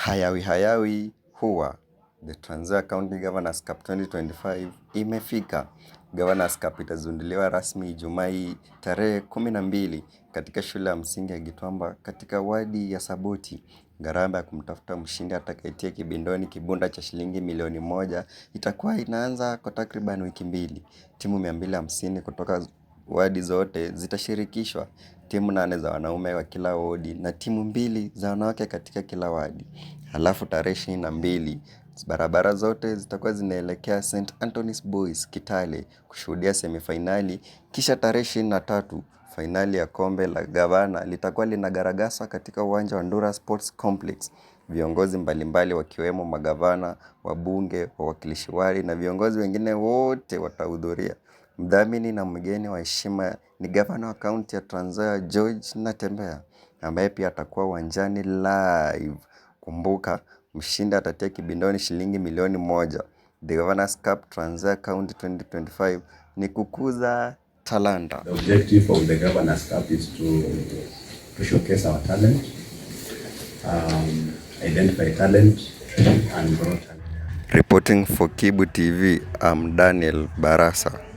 hayawi hayawi huwa The Trans-Nzoia County Governors Cup 2025 imefika. Governors Cup itazinduliwa rasmi Ijumaa hii tarehe kumi na mbili katika shule ya msingi ya Gitwamba katika wadi ya Saboti. Gharama ya kumtafuta mshindi atakayetia kibindoni kibunda cha shilingi milioni moja itakuwa inaanza kwa takriban wiki mbili. Timu mia mbili hamsini kutoka wadi zote zitashirikishwa timu nane za wanaume wa kila wodi na timu mbili za wanawake katika kila wadi. Halafu tarehe ishirini na mbili barabara zote zitakuwa zinaelekea St Anthony's Boys Kitale kushuhudia semifainali, kisha tarehe ishirini na tatu fainali ya kombe la gavana litakuwa linagaragaswa katika uwanja wa Ndura Sports Complex. Viongozi mbalimbali wakiwemo magavana, wabunge, wawakilishi wadi na viongozi wengine wote watahudhuria. Mdhamini na mgeni wa heshima ni gavana wa kaunti ya Trans Nzoia George Natembeya ambaye pia atakuwa uwanjani live. Kumbuka mshindi atatia kibindoni shilingi milioni moja. The Governor's Cup Trans Nzoia County 2025 ni kukuza talanta. The objective of the Governor's Cup is to to showcase our talent. Um, identify talent and grow talent. Reporting for Kibu TV, I'm Daniel Barasa.